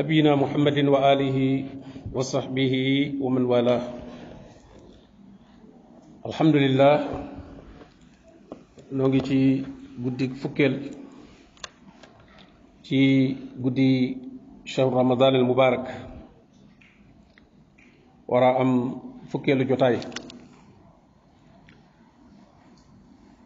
nabiyina muhammadin wa alihi wa sahbihi wa man wala alhamdulilah noo ngi ci guddi fukkeel ci guddi shahru ramadan al mubarak war a am fukkeelu jotaay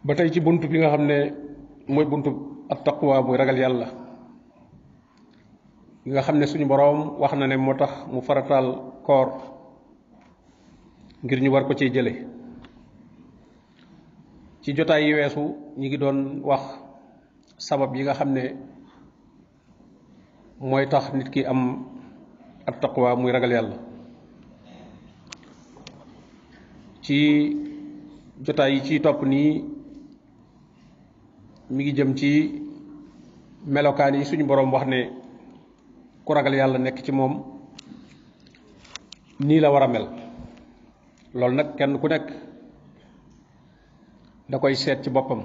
ba tey ci bunt bi nga xam ne mooy buntu at taqwa muy ragal yàlla nga xam ne suñu boroom wax na ne moo tax mu farataal koor ngir ñu war ko ci jële ci jotaay yi weesu ñi ngi doon wax sabab yi nga xam ne mooy tax nit ki am at taqwa muy ragal yàlla ci jotaay yi ci topp nii mu ngi jëm ci melokaan yi suñu boroom wax ne ku ragal yàlla nekk ci moom nii la war a mel loolu nag kenn ku nekk da koy seet ci boppam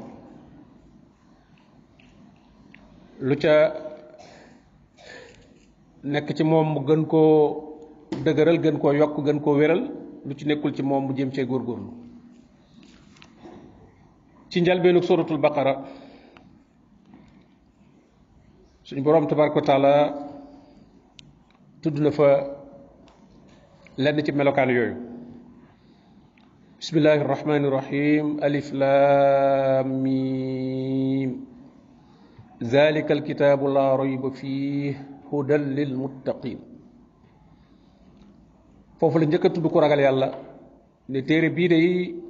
lu ca nekk ci moom mu gën koo dëgëral gën koo yokk gën koo wéral lu ci nekkul ci moom mu jëm cee góorgóorlu ci njalbeenu suratul baqara suñu boroom tabaraka wa taala tudd na fa lenn ci melokaan yooyu bismillahi rahmaani rahim alif laam miim zalika alkitaabu laa rayba fiih hudan lil muttaqin foofu la njëkk a tudd ku ragal yàlla ne téere bii de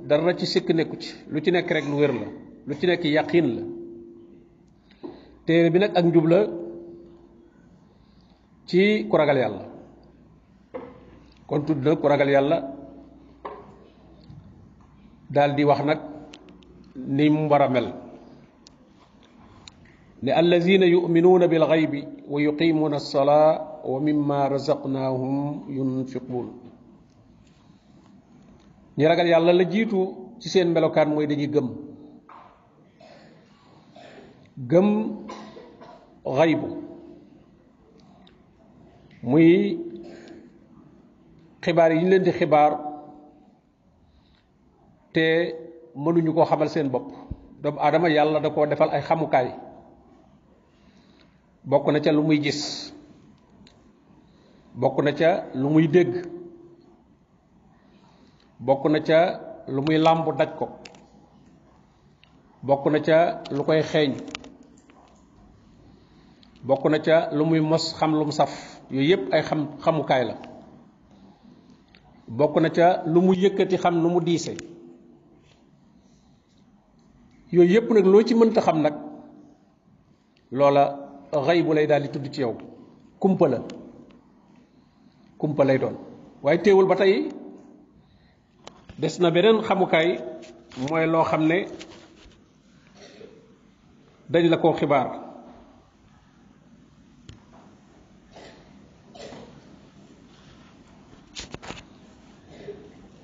dara ci sikk nekku ci lu ci nekk rek lu wér la lu ci nekk yaqin la téere bi nag ak njub la ci ku ragal yàlla kon tudd na ku ragal yàlla daal di wax nag ni mu war a mel ne allazina yuminuuna bil wa yuqimuuna alsalaa wa mimma razaqnaahum yunfiquun ñi ragal yàlla la jiitu ci seen melokaan mooy dañuy gëm gëm xaybu muy xibaar yi ñu leen di xibaar te mënuñu koo xamal seen bopp doomu aadama yàlla da koo defal ay xamukaay bokk na ca lu muy gis bokk na ca lu muy dégg bokk na ca lu muy làmb daj ko bokk na ca lu koy xeeñ bokk na ca lu muy mos xam lu mu saf yooyu yëpp ay xam xamukaay la bokk na ca lu mu yëkkati xam nu mu diise yooyu yëpp nag loo ci mënta xam nag loola ray bu lay daal di tudd ci yow kumpa la kumpa lay doon waaye teewul ba tey des na beneen xamukaay mooy loo xam ne dañ la ko xibaar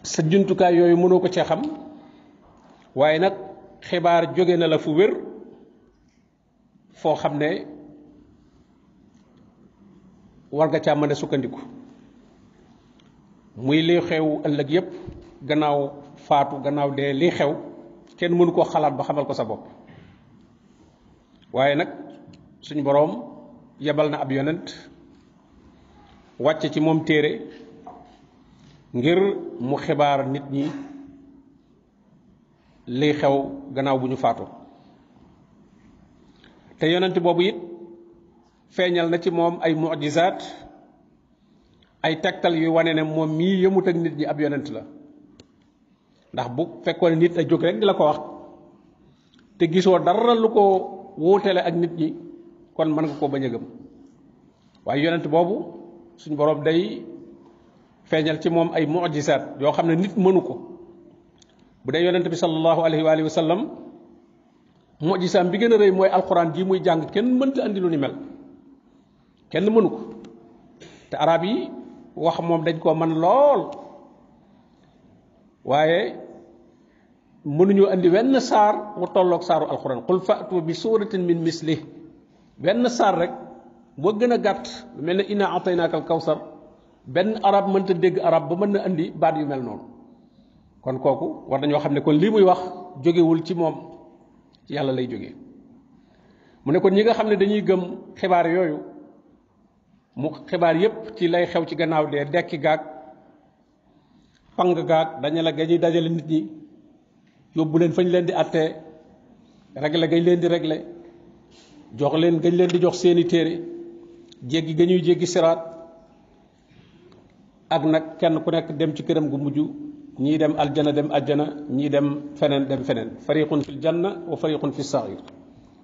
sa jumtukaay yooyu mënoo ko cee xam waaye nag xibaar jóge na la fu wér foo xam ne war nga caa mën a sukkandiku muy lii xew ëllëg yépp gannaaw faatu gannaaw de li xew kenn mënu koo xalaat ba xamal ko sa bopp waaye nag suñu boroom yebal na ab yonent wàcce ci moom téere ngir mu xibaar nit ñi liy xew gannaaw bu ñu faatu te yonent boobu it feeñal na ci moom ay mujizaat ay tegtal yu wane ne moom mii yëmut ak nit ñi ab yonent la ndax bu fekkoon nit a jóg rek di la ko wax te gisoo dara lu ko wuutale ak nit ñi kon mën nga ko bañ a waaye yonent boobu suñ boroom day feeñal ci moom ay mujisaat yoo xam ne nit mënu ko bu dee yonent bi sallallahu alayhi wa alihi wa sallam mujisaam bi gën a rëy mooy alquran ji muy jàng kenn mënta andi lu ni mel kenn mënu ko te araab yi wax moom dañ koo man lool waaye mënuñoo andi wenn saar wu tolloog saaru alquran qul fa'tu bi suratin min mislih wenn saar rek boo gën a gàtt lu mel ne inna ataynaaka al kawsar benn arab mënta dégg arab ba mën na indi baat yu mel noonu kon kooku war nañoo xam ne kon lii muy wax jógewul ci moom yàlla lay jóge mu ne kon ñi nga xam ne dañuy gëm xibaar yooyu mu xibaar yépp ci lay xew ci gannaaw dee dekki gaag pang gaag dañale la gañuy dajale nit ñi yóbbu leen fañ leen di attee regle gañ leen di regle jox leen gañ leen di jox seeni téere jéggi gañuy jéggi seraat ak nag kenn ku nekk dem ci këram gu mujj ñii dem aljana dem aljana ñii dem feneen dem feneen fariqun fi janna wa fariqun fi sair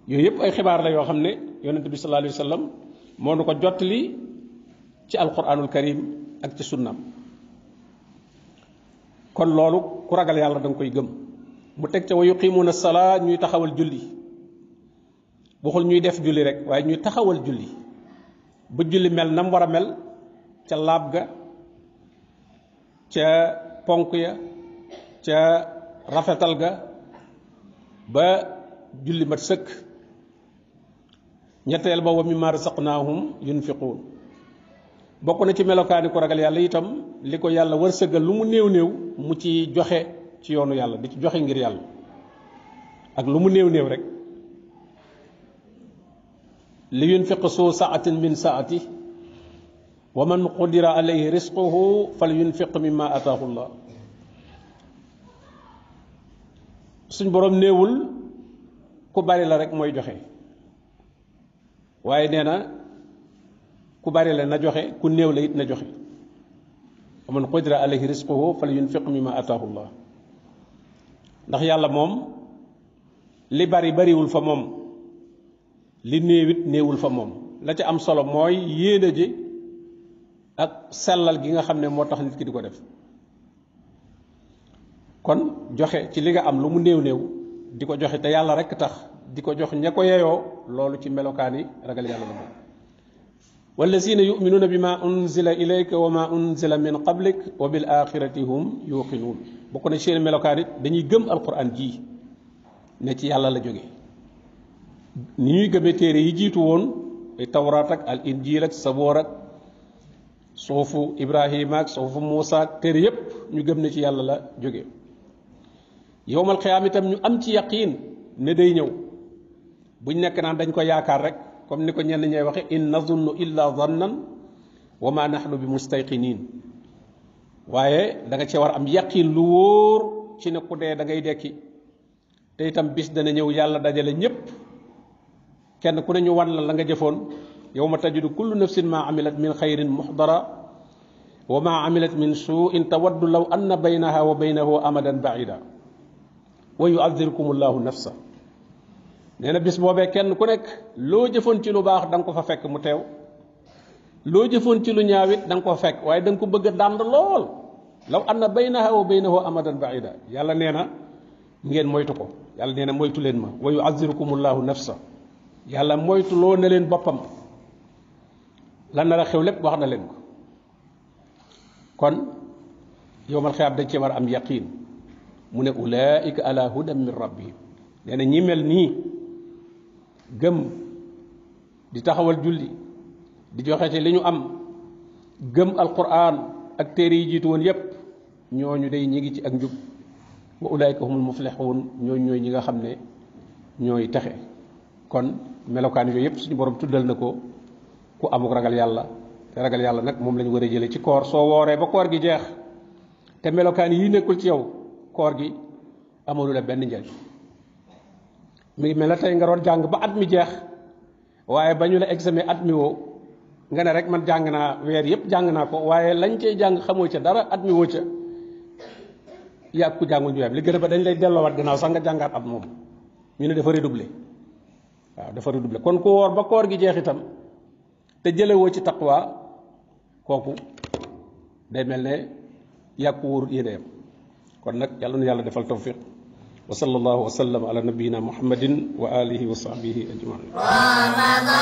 yooyu yëpp ay xibaar la yoo xam ne yonent bi sallallahu alayhi moo nu ko jottali ci alquranul karim ak ci sunnaam kon loolu ku ragal yàlla da koy gëm mu teg ca wa yuqimuuna salaa ñuy taxawal julli waxul ñuy def julli rek waaye ñuy taxawal julli ba julli mel nam war a mel ca laab ga ca ponk ya ca rafetal ga ba julli mat sëkk ñetteel ba wa mimmaa razaqnaahum yunfiquun bokk na ci melokaani ku ragal yàlla itam li ko yàlla wërsëgal lu mu néew néew mu ci joxe ci yoonu yàlla di ci joxe ngir yàlla ak lu mu néew néew rek li yunfiq suu saatin min saati wa man qudira alayhi risquhu fal yunfiq mimma ataahu llah suñ boroom néewul ku bari la rek mooy joxe waaye nee na ku bari la na joxe ku néew la it na joxe wa man qudira alayhi risquhu fal yunfiq mimma ataahu llah ndax yàlla moom li bari bariwul fa moom li néewit néewul fa moom la ca am solo mooy yéene ji ak sellal gi nga xam ne moo tax nit ki di ko def kon joxe ci li nga am lu mu néew néew di ko joxe te yàlla rekk tax di ko jox ña ko yeyoo loolu ci melokaani ragal yàlla la moom wallazina yuminuuna bi ma unzila ilayka wa ma unzila min qablik wa bil axirati bokk na ci seen melokaan it dañuy gëm alquran jii ne ci yàlla la jóge ni ñuy gëmee téere yi jiitu woon ay tawraat ak al injil ak saboor ak suufu Ibrahima ak suufu Moussa ak téere yépp ñu gëm ne ci yàlla la jóge yowmal xiyaam itam ñu am ci yaqiin ne day ñëw buñ nekk naan dañ ko yaakaar rek comme ni ko ñenn ñay waxe in na nazunnu illa zannan wa ma nahnu bi mustayqinin waaye danga nga ci war am yaqiin lu wóor ci ne ku dee dangay ngay dekki te itam bis dana ñëw yàlla dajale ñépp kenn ku ne ñu wan la la nga jëfoon yow yawma tajidu kullu nafsin maa amilat min xayrin muxdara wa maa amilat min suin tawaddu law anna baynaha wa baynahu amadan baida wa yu'adhirkumu llahu nafsa nee na bis boobee kenn ku nekk loo jëfoon ci lu baax da ko fa fekk mu teew loo jëfoon ci lu ñaawit da nga ko fekk waaye da ko bëgg a dànd lool law anna baynaha wa baynahu amadan yàlla nee na ngeen moytu ko yàlla nee na moytu leen ma wa yu'adhirkumu llahu nafsa yàlla moytu loo na leen boppam lan nar xew lépp wax na leen ko kon yowmal xiyaam dañ cee war a am yaqiin mu ne ulaika ala hudan min rabbihim nee na ñi mel nii gëm di taxawal julli di joxe ci li ñu am gëm alquran ak téere yi jiitu woon yépp ñooñu day ñi ngi ci ak njub wa ulaayka humul muflixuun ñooñu ñooy ñi nga xam ne ñooy taxe kon melokaan yooyu yépp suñu borom tuddal na ko ku amuk ragal yàlla te ragal yàlla nag moom lañu ñu war a jëlee ci koor soo wooree ba koor gi jeex te melokaan yii nekkul ci yow koor gi amalu la benn njëriñ mu ngi mel na tey nga doon jàng ba at mi jeex waaye ba ñu la examen at mi woo nga ne rek man jàng naa weer yëpp jàng naa ko waaye lañ cey jàng xamoo ca dara at mi woo ca yaa ku jàngu ñu li gën a ba dañ lay delloowaat gannaaw sax nga jàngaat am moom ñu ne dafa redoubler waaw dafa redoubler kon ku gi jeex te jëlewoo ci taqwa kooku day mel ne yàqu wóorut yéene kon nag yàlla na yàlla defal tawfiq wa sallallahu wa sallam ala nabiyina muhammadin wa alihi wa sahbihi ajmain